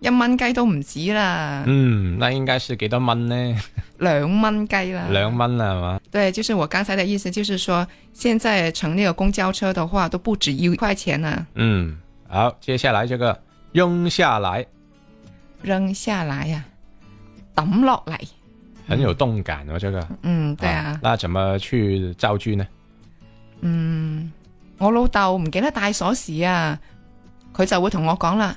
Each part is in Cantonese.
一蚊雞都唔止啦，嗯，那應該是幾多蚊呢？ 兩蚊雞啦，兩蚊啦係嘛？對，就是我剛才的意思，就是說，現在乘呢個公交車的話，都不止一塊錢啦，啊。嗯，好，接下來這個扔下來，扔下來啊，抌落嚟，很有動感哦，啊，嗯，這個，嗯，對啊，啊，那怎麼去造句呢？嗯，我老豆唔記得帶鎖匙啊，佢就會同我講啦。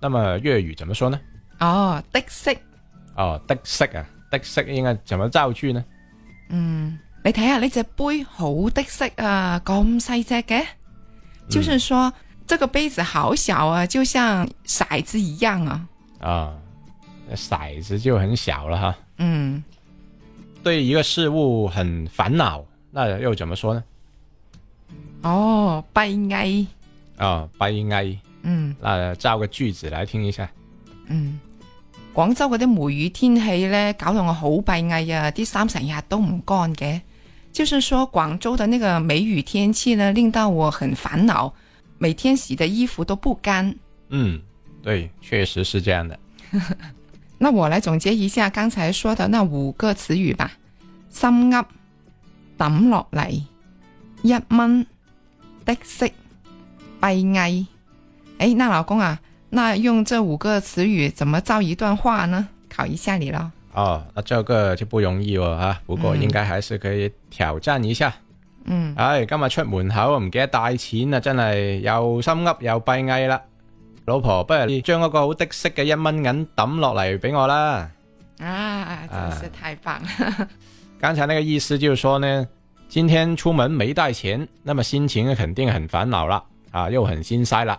那麼粵語怎麼說呢？哦的色，哦的色啊，的色，應該怎麼造句呢？嗯，你睇下呢隻杯好的色啊，咁細隻嘅，就是說這個杯子好小啊，就像骰子一樣啊。啊、哦，骰子就很小了哈。嗯，對一個事物很煩惱，那又怎麼說呢？哦，閉翳。啊、哦，閉翳。嗯，誒，照個句子嚟聽一下。嗯，廣州嗰啲梅雨天氣呢，搞到我好閉翳啊！啲衫成日都唔乾嘅。就是說，廣州嘅呢個梅雨天氣呢，令到我很煩惱，每天洗的衣服都不乾。嗯，對，確實是這樣的。 那我來總結一下剛才說的那五個詞語吧。心 up，抌落嚟，一蚊的色閉翳。哎，那老公啊，那用這五個詞語怎麼造一段話呢？考一下你咯。哦，那這個就不容易哦。不過應該還是可以挑戰一下。嗯，嗯，哎，今日出門口唔記得帶錢啊，真係又心噏又閉翳啦。老婆，不如將嗰個好的色嘅一蚊銀抌落嚟俾我啦。啊，真是太棒了！啊，剛才呢個意思就是說呢，今天出門沒帶錢，那麼心情肯定很煩惱了啊，又很心塞了。